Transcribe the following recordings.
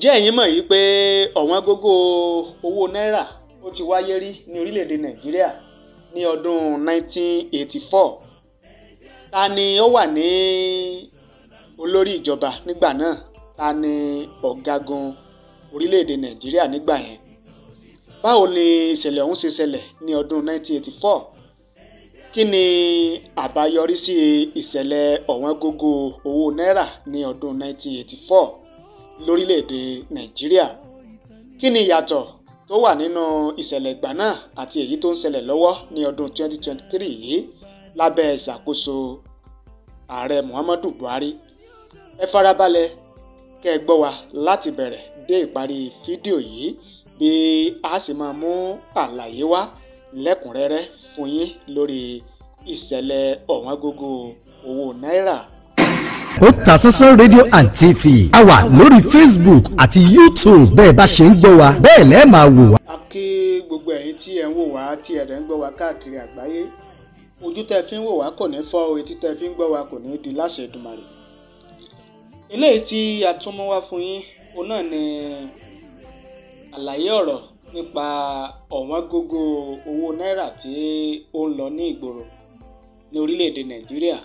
ǹjẹ́ ẹ̀yin mọ̀ yìí pé ọ̀wọ́n gógó owó náírà ó ti wáyé rí ní orílẹ̀-èdè nàìjíríà ní ọdún 1984 ta ni ó wà ní olórí ìjọba nígbà náà ta ni ọ̀gágun orílẹ̀-èdè nàìjíríà nígbà yẹn báwo ni ìṣẹ̀lẹ̀ ọ̀hún ṣe ṣẹlẹ̀ ní ọdún 1984 kí ni àbáyọrí sí ìṣẹ̀lẹ̀ ọ̀wọ́n gógó owó náírà ní ọdún 1984 lórílẹ̀‐èdè nàìjíríà kí ni ìyàtọ̀ tó wà nínú ìṣẹ̀lẹ̀ ìgbà náà àti èyí tó ń ṣẹlẹ̀ lọ́wọ́ ní ọdún 2023 yìí lábẹ́ ìṣàkóso ààrẹ muhammadu buhari ẹ farabalẹ̀ kẹ́ ẹ gbọ́ wa láti bẹ̀rẹ̀ dé ìparí fídíò yìí bí a sì máa mú àlàyé wá lẹ́kùnrẹ́rẹ́ fún yín lórí ìṣẹ̀lẹ̀ ọ̀wọ́n gógó owó náírà Otasansan rédíò and TV a wà lórí Facebook àti YouTube bẹ́ẹ̀ bá ṣe ń gbọ́ wa bẹ́ẹ̀ lẹ́ẹ̀ máa wò wá. a kí gbogbo ẹ̀yin tí ẹ̀ ń wò wá tí ẹ̀ ń gbọ́ wa káàkiri àgbáyé ojú tẹ́ fi ń wò wá kò ní fọ́ etí tẹ́ fi ń gbọ́ wa kò ní di láṣẹ Èdùmàrè eléyìí tí a tún mú wá fún yín òun náà ni àlàyé ọ̀rọ̀ nípa ọ̀wọ́n gógó owó náírà tí ó ń lọ ní ìgboro ní orílẹ̀-èdè Nàìjíríà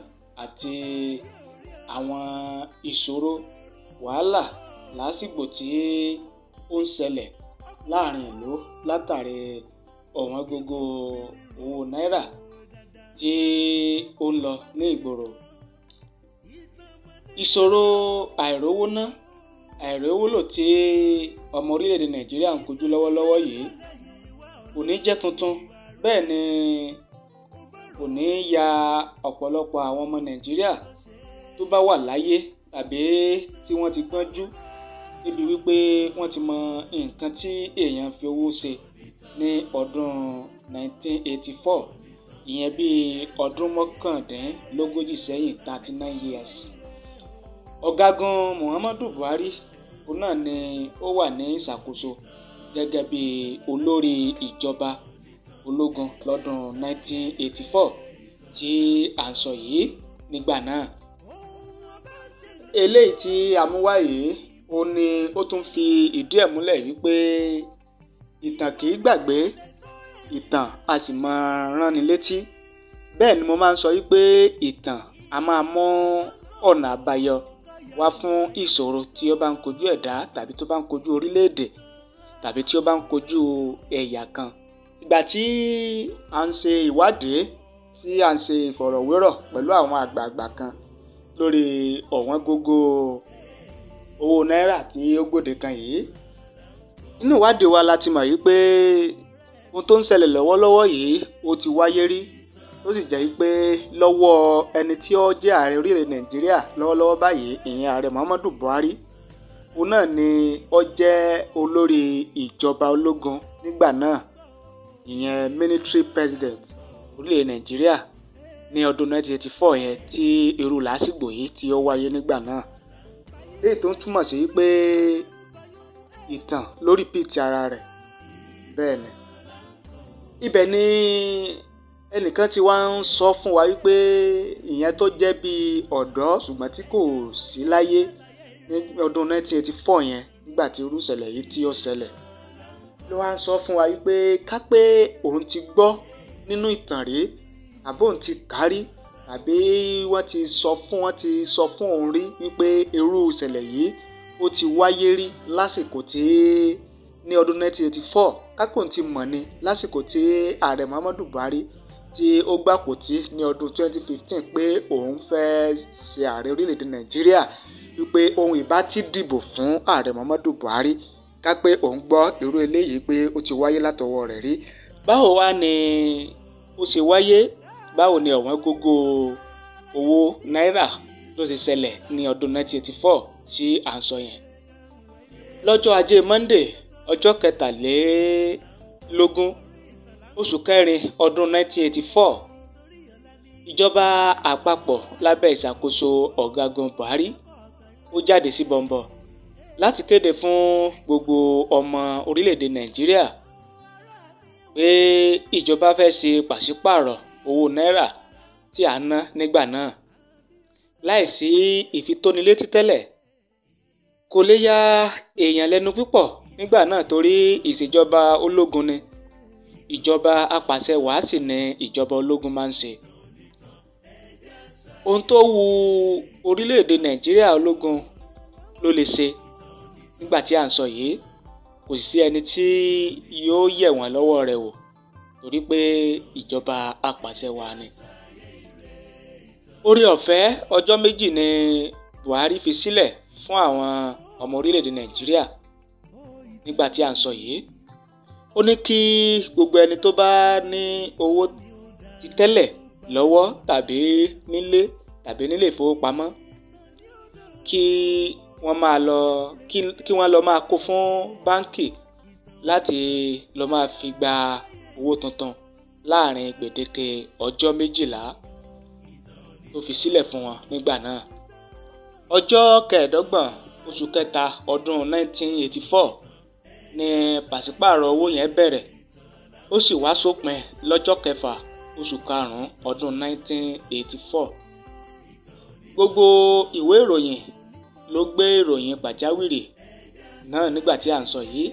àti àwọn ìṣòro wàhálà lásìkò tí ó ń ṣẹlẹ̀ láàrin ìlú látàrí ọ̀wọ́n gógó owó náírà tí ó ń lọ ní ìgboro. ìṣòro àìrówó ná àìrówó lò tí ọmọ orílẹ̀-èdè nàìjíríà ń kojú lọ́wọ́lọ́wọ́ yìí kò ní jẹ́ tuntun bẹ́ẹ̀ ni kò ní ya ọ̀pọ̀lọpọ̀ àwọn ọmọ nàìjíríà tó bá wà láyé tàbí tí wọ́n ti gbọ́njú débi wípé wọ́n ti mọ nǹkan tí èèyàn fi owó ṣe ní ọdún 1984 ìyẹn bíi ọdún mọ́kàndínlógójì sẹ́yìn 39 years. ọ̀gágun Muhammadu Buhari òun náà ni ó wà ní ìṣàkóso gẹ́gẹ́ bí olórí ìjọba ológun lọ́dún 1984 tí à ń sọ yìí nígbà náà eléyìí tí a mú wá yìí ó ní ó tún fi ìdí ẹ̀ múlẹ̀ wípé ìtàn kì í gbàgbé ìtàn a sì máa ránni létí bẹ́ẹ̀ ni mo máa ń sọ wípé ìtàn a máa mú ọ̀nà àbáyọ wá fún ìṣòro tí ó bá ń kojú ẹ̀dá tàbí tó bá ń kojú orílẹ̀-èdè tàbí tí ó bá ń kojú ẹ̀yà kan ìgbà tí a ń ṣe ìwádìí tí a ń ṣe ìfọ̀rọ̀wérọ̀ pẹ̀lú àwọn àgbààgbà kan lórí ọ̀wọ́n gógó owó náírà tí ó gbòde kan yìí nínú ìwádìí wa la ti mọ̀ yìí pé ohun tó ń ṣẹlẹ̀ lọ́wọ́lọ́wọ́ yìí ó ti wáyé rí ó sì jẹ́ pé lọ́wọ́ ẹni tí ó jẹ́ ààrẹ orílẹ̀ nàìjíríà lọ́wọ́lọ́wọ́ báyìí ìyẹn ààrẹ muhammadu buhari òun náà ni ó jẹ́ olórí ìjọba ológun nígbà náà ìyẹn military president orílẹ̀ nàìjíríà ní ọdún 1984 yẹn tí irú làásìgbò yìí tí ó wáyé nígbà náà èyí tó ń túmọ̀ sí pé ìtàn ló rìpíìtì ara rẹ̀ bẹ́ẹ̀ ni ibẹ̀ ni ẹnìkan ti wá ń sọ fún wa wípé ìyẹn tó jẹ́ bíi ọ̀dọ́ ṣùgbọ́n tí kò sí láyé ní ọdún 1984 yẹn nígbà tí irú ìṣẹ̀lẹ̀ yìí tí ó ṣẹlẹ̀ ló wá ń sọ fún wa wípé ká pé òun ti gbọ́ nínú ìtàn rèé àbóhùn ti kárí tàbí wọ́n ti sọ fún wọ́n ti sọ fún òun rí wípé irú ìṣẹ̀lẹ̀ yìí ó ti wáyé rí lásìkò tí ní ọdún 1984 kákùn ti mọ̀ ni lásìkò tí ààrẹ Muhammadu Buhari tí ó gbàpòtí ní ọdún 2015 pé òun fẹ́ ṣe ààrẹ orílẹ̀-èdè Nàìjíríà wípé ohun ìbá ti dìbò fún ààrẹ Muhammadu Buhari ká pé òun gbọ́ irú eléyìí pé ó ti wáyé látọwọ́ rẹ̀ rí báwo wá ni ó ṣe wáyé báwo ni ọ̀wọ́n gógó owó náírà tó ti ṣẹlẹ̀ ní ọdún 1984 tí à ń sọ yẹn. lọ́jọ́ ajé Monday ọjọ́ kẹtàlélógún oṣù kẹrin ọdún 1984 ìjọba àpapọ̀ lábẹ́ ìṣàkóso ọ̀gágun Buhari ó jáde sí bọ̀m̀bọ̀ láti kéde fún gbogbo ọmọ orílẹ̀-èdè Nàìjíríà pé ìjọba fẹ́ ṣe pàṣípààrọ̀ owó náírà tí à ń ná nígbà náà láìsí ìfitónilétí tẹ́lẹ̀ kò lè ya èèyàn lẹ́nu púpọ̀ nígbà náà torí ìṣèjọba ológun ni ìjọba apàṣẹwàá sì ni ìjọba ológun máa ń ṣe ohun tó wu orílẹ̀-èdè nàìjíríà ológun ló lè ṣe nígbà tí à ń sọ yìí kò sí ẹni tí yóò yẹ̀ wọ́n lọ́wọ́ rẹ̀ wò torí pé ìjọba apàṣẹwàá ni. orí ọ̀fẹ́ ọjọ́ méjì ni Buhari fi sílẹ̀ fún àwọn ọmọ orílẹ̀-èdè Nàìjíríà nígbà tí à ń sọ yìí ó ní kí gbogbo ẹni tó bá ní owó ti tẹ́lẹ̀ lọ́wọ́ tàbí nílé tàbí nílé ìfowópamọ́ kí wọ́n máa lọ kí wọ́n lọ máa kó fún báńkì láti lọ máa fi gba owó tuntun láàrin gbèdéke ọjọ́ méjìlá tó fi sílẹ̀ fún wọn nígbà náà. ọjọ́ kẹẹ̀ẹ́dọ́gbọ̀n oṣù kẹta ọdún 1984 ni pàṣípààrọ̀ owó yẹn bẹ̀rẹ̀ ó sì wá sópin lọ́jọ́ kẹfà oṣù karùn-ún ọdún 1984. gbogbo ìwé ìròyìn ló gbé ìròyìn pàjáwìrì náà nígbà tí à ń sọ yìí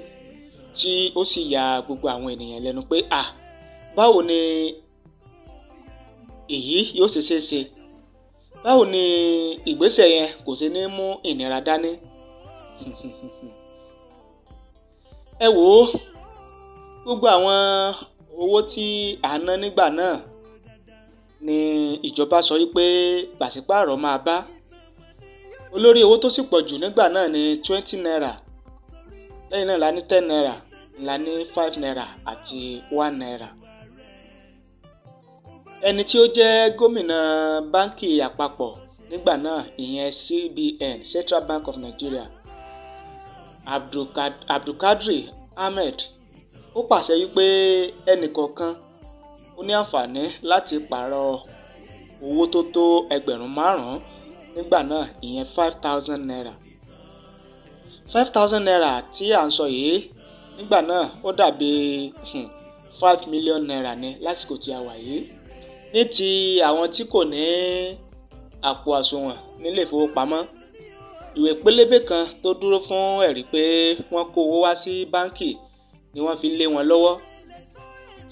tí ó sì ya gbogbo àwọn ènìyàn lẹ́nu pé à báwo ni èyí yóò ṣe ṣe é ṣe báwo ni ìgbésẹ̀ yẹn kò ṣe ní mú ìnira dání ẹ wò ó gbogbo àwọn owó tí à ń ná nígbà náà ni ìjọba sọ wípé pàṣípààrọ̀ máa bá olórí owó tó sì pọ̀ jù nígbà náà ni twenty naira lẹ́yìn náà la ní ten naira la ní five naira àti one naira. ẹni tí ó jẹ́ gómìnà báńkì àpapọ̀ nígbà náà ìyẹn CBN Central Bank of Nigeria Abdulkadri Ahmed ó pàṣẹ wípé ẹnìkọ̀ọ̀kan ó ní àǹfààní láti pààrọ̀ owó tó tó ẹgbẹ̀rún márùn-ún nígbà náà ìyẹn five thousand naira five thousand naira tí à ń sọ yìí nígbà náà ó dàbí hmm, five million naira ni lásìkò tí a wà yìí ní ti àwọn tí kò ní àpò àsùnwọ̀n nílé ìfowópamọ́ ìwé pélébé kan tó dúró fún ẹ̀rí pé wọ́n kó owó wá sí báńkì ni wọ́n fi lé wọn lọ́wọ́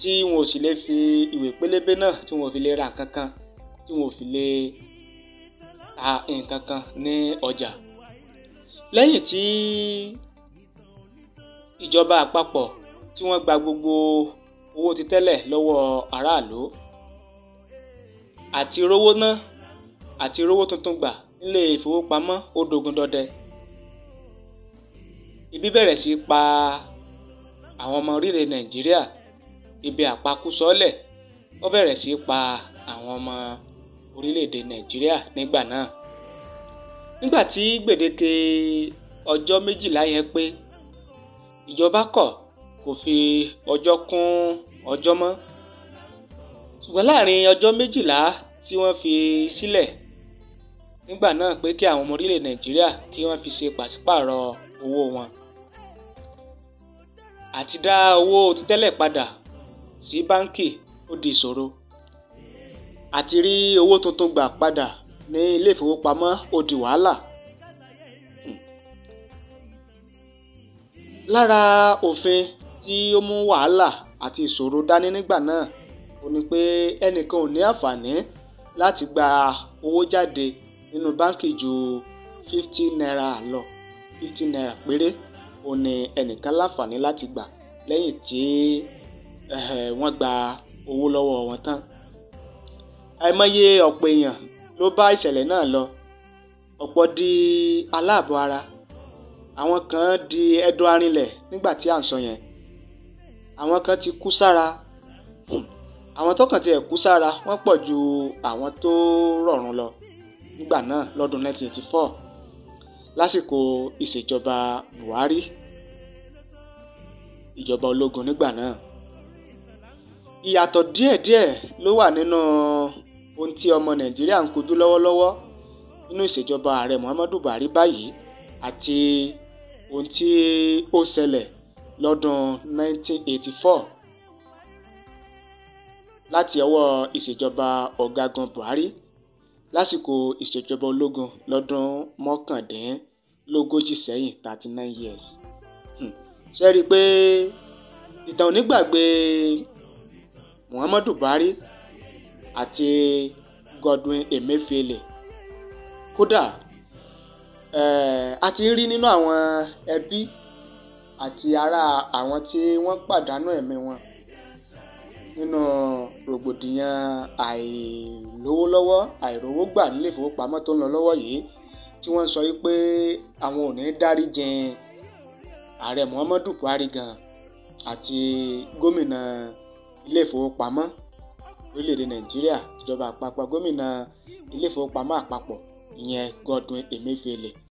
tí wọn ò sì lè fi ìwé pélébé náà tí wọn ò fi lè ra nǹkan tí wọn ò fi lè ta nǹkan ní ọjà lẹ́yìn tí ìjọba àpapọ̀ tí wọ́n gba gbogbo owó ti tẹ́lẹ̀ lọ́wọ́ aráàlú àti rówó ná àti rówó tuntun gbà nílé ìfowópamọ́ ó dogun dọdẹ ibi bẹ̀rẹ̀ sí pa àwọn ọmọ orílẹ̀ Nàìjíríà ibi àpakúsọ́lẹ̀ ó bẹ̀rẹ̀ sí pa àwọn ọmọ orílẹ̀-èdè Nàìjíríà nígbà náà nígbà tí gbèdéke ọjọ́ méjìlá yẹn pé ìjọba kọ̀ kò fi ọjọ́ kún ọjọ́ mọ́ ṣùgbọ́n láàrin ọjọ́ méjìlá tí wọ́n fi sílẹ̀ nígbà náà pé kí àwọn ọmọ orílẹ̀ nàìjíríà kí wọ́n fi ṣe pàṣípààrọ̀ owó wọn àti dá owó títẹ́lẹ̀ padà sí báńkì ó di ìṣòro àti rí owó tuntun gbà padà ní ilé ìfowópamọ́ ó di wàhálà. Hmm. lára òfin tí ó mú wàhálà àti ìṣòro dání nígbà náà ó ní pé ẹnìkan ò ní àǹfààní láti gba owó jáde nínú báńkì ju fifty naira lọ fifty naira péré ó ní ẹnìkan láǹfààní láti gbà lẹ́yìn tí eh, wọ́n gba owó lọ́wọ́ wọn tán àìmọye ọ̀pọ̀ èèyàn ló bá ìṣẹ̀lẹ̀ náà lọ ọ̀pọ̀ di aláàbọ̀ ara àwọn kan di ẹ̀dọ̀ arinlẹ̀ nígbà tí à ń sọ yẹn àwọn kan ti kú sára àwọn tó kàn tiẹ̀ kú sára wọ́n pọ̀ ju àwọn tó rọ̀rùn lọ nígbà náà lọ́dún 1984 lásìkò ìṣèjọba Buhari ìjọba ológun nígbà náà ìyàtọ̀ díẹ̀díẹ̀ ló wà nínú. No ohun tí ọmọ nàìjíríà ń kojú lọ́wọ́lọ́wọ́ nínú ìṣèjọba ààrẹ muhammadu buhari báyìí àti ohun tí ó ṣẹlẹ̀ lọ́dún 1984 láti ọwọ́ ìṣèjọba ọ̀gágun buhari lásìkò ìṣèjọba ológun lọ́dún mọ́kàndínlógójì sẹ́yìn 39 years. Hmm. ṣe rí i pé ìtàn onígbàgbé muhammadu buhari àti Godwin Emefiele kódà eh, a ti rí nínú àwọn ẹbí àti ará àwọn tí wọ́n pàdánù ẹ̀mí wọn nínú rògbòdìyàn àìlówólọ́wọ́ àìrówógbà nílé ìfowópamọ́ tó ń lọ lọ́wọ́ yìí tí wọ́n sọ wípé àwọn ò ní dárí jìn ààrẹ Muhammadu Buhari gan àti gómìnà ilé ìfowópamọ́ orílẹ̀-èdè nàìjíríà ìjọba àpapọ̀ gómìnà ilé ìfowópamọ́ àpapọ̀ ìyẹn godwin emefiele